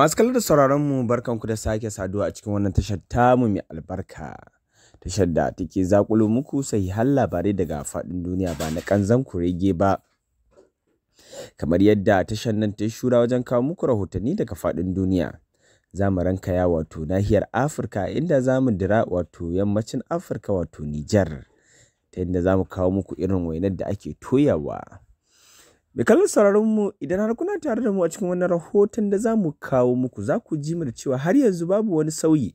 Masu kallon da sauraron mu barkanku da sake saduwa a cikin wannan tashar tamu mai albarka. Tashar da take zakulo muku sai har labarai daga faɗin duniya ba na kanzan kurege ba. Kamar yadda tashar nan ta shura wajen kawo muku rahotanni daga faɗin duniya. Za mu rankaya wato nahiyar Afirka inda za mu dira wato yammacin Afirka wato Nijar. Ta inda za mu kawo muku irin wainar da ake toyawa. Mai kallon sauraron mu idan har kuna tare da mu a cikin wannan rahoton da za mu kawo muku za ku ji mu cewa har yanzu babu wani sauyi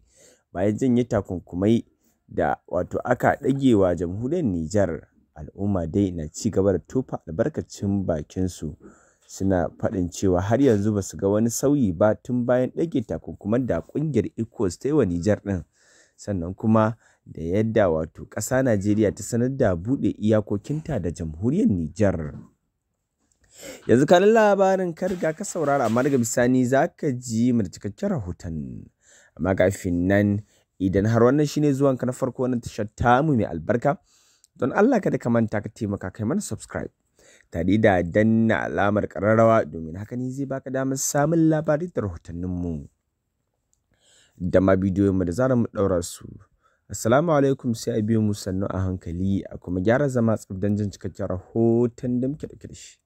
bayan janye takunkumai da wato aka ɗagewa jamhuriyar Nijar al'umma dai na ci gaba da tofa albarkacin bakinsu suna faɗin cewa har yanzu ba su ga wani sauyi ba tun bayan ɗage takunkuman da ƙungiyar ECOWAS ta yi wa Nijar ɗin sannan kuma da yadda wato ƙasa Najeriya ta sanar da buɗe iyakokinta da jamhuriyar Nijar. Yanzu kanin labarin karga ga ka saurara amma daga bisani za ka ji mu da cikakken rahoton. Amma kafin nan idan har wannan shine zuwan ka na farko wannan tashar tamu mai albarka don Allah kada ka manta ka taimaka kai mana subscribe. Tare da danna alamar kararrawa domin haka ne zai baka damar samun labarai da mu. Da ma bidiyoyinmu da zara mu daura su. Assalamu alaikum sai a biyo mu sannu a hankali a kuma gyara zama tsabdan jin cikakken rahoton da muke da shi.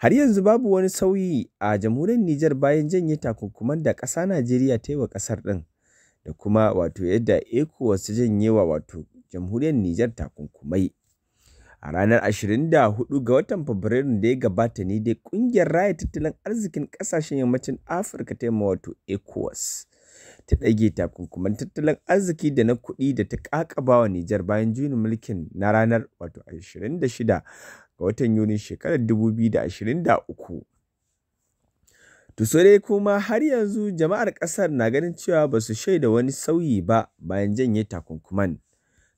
Har yanzu babu wani sauyi a jamhuriyar Nijar bayan janye takunkuman da ƙasa Najeriya ta yi wa ƙasar ɗin da kuma wato yadda ECOWAS ta janye wa wato jamhuriyar Nijar takunkumai. A ranar 24 ga watan Fabrairu da ya gabata ne dai ƙungiyar raya tattalin arzikin ƙasashen yammacin Afirka ta yamma wato ECOWAS ta ɗage takunkuman tattalin arziki da na kuɗi da ta ƙaƙabawa Nijar bayan juyin mulkin na ranar wato 26 ga watan Yunin shekarar 2023. To sai dai kuma har yanzu jama'ar ƙasar na ganin cewa ba su shaida wani sauyi ba bayan janye takunkuman.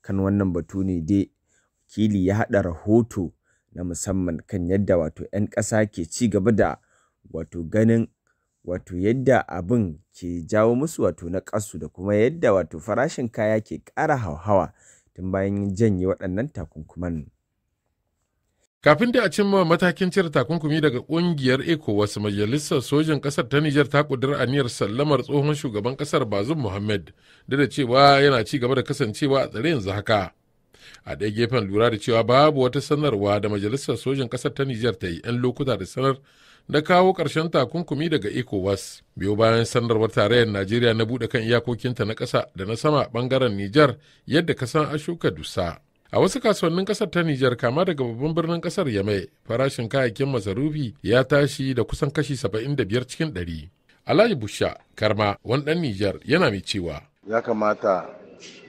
Kan wannan batu ne dai wakili ya haɗa rahoto na musamman kan yadda wato 'yan ƙasa ke ci gaba da wato ganin wato yadda abin ke jawo musu wato na ƙasu da kuma yadda wato farashin kaya ke ƙara hauhawa tun bayan janye waɗannan takunkuman. Kafin da a cimma matakin cire takunkumi daga kungiyar ECOWAS majalisar sojin kasar ta Nijar ta kudurar aniyar sallamar tsohon shugaban kasar Bazum Muhammad da da cewa yana ci gaba da kasancewa a tsare yanzu haka. A ɗaya gefen lura da cewa babu wata sanarwa da majalisar sojin kasar ta Nijar ta yi 'yan lokuta da sanar da kawo ƙarshen takunkumi daga ECOWAS. Biyo bayan sanarwar tarayyar Najeriya na buɗe kan iyakokinta na kasa da na sama ɓangaren Nijar yadda ka san ashuka dusa. A wasu kasuwannin kasar ta Nijar kama daga babban birnin kasar Yamai farashin kayayyakin masarufi ya tashi da kusan kashi 75 cikin 100. Alayi Busha Karma wani dan Nijar yana mai cewa. Ya kamata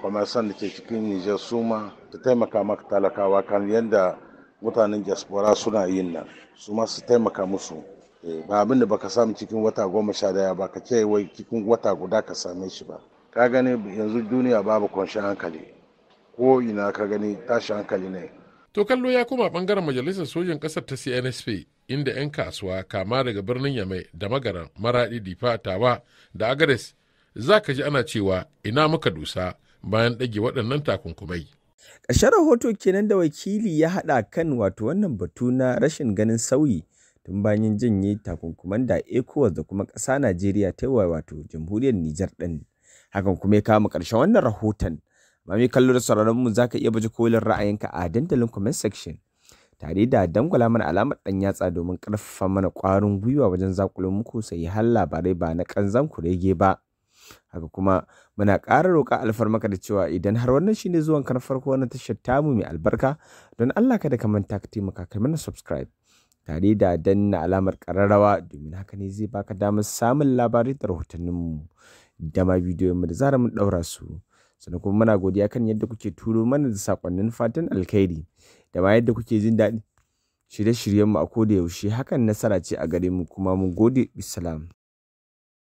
kwamarsan da ke cikin Nijar suma ta taimaka maka talakawa kan yadda mutanen diaspora suna yin nan su su taimaka musu eh, ba abin da baka samu cikin wata goma sha daya ba ka ce wai cikin wata guda ka same shi ba ka gani yanzu duniya babu kwanciyar hankali ko ina ka gani tashi hankali ne to kallo ya koma bangaren majalisar sojin kasar ta cnsp inda 'yan kasuwa kama daga birnin yamai da magaran maraɗi difa tawa da agares za ka ji ana cewa ina muka dusa bayan ɗage waɗannan takunkumai ƙarshen rahoto kenan da wakili ya haɗa kan wato wannan batu na rashin ganin sauyi tun bayan janye takunkuman da ecowas da kuma ƙasa najeriya ta wato jamhuriyar nijar ɗin hakan kuma ya kama ƙarshen wannan rahoton ma mai kallo da sauraron mu zaka iya baje kolin ra'ayinka a dandalin comment section tare da dangwala mana alamar dan yatsa domin karfafa mana kwarin gwiwa wajen zakulo muku sai har labarai ba na kanzan rege ba haka kuma muna ƙara roƙa alfarmaka da cewa idan har wannan shine zuwan kan farko wannan tashar tamu mai albarka don Allah kada ka manta ka taimaka ka mana subscribe tare da danna alamar ƙararrawa domin haka ne zai baka damar samun labarai da rahotanninmu da ma bidiyon mu da zara mun ɗaura su sannan kuma muna godiya kan yadda kuke turo mana da sakonnin fatan alkhairi da ma yadda kuke jin daɗi shirye-shiryenmu a koda yaushe hakan nasara ce a gare mu kuma mun gode islam.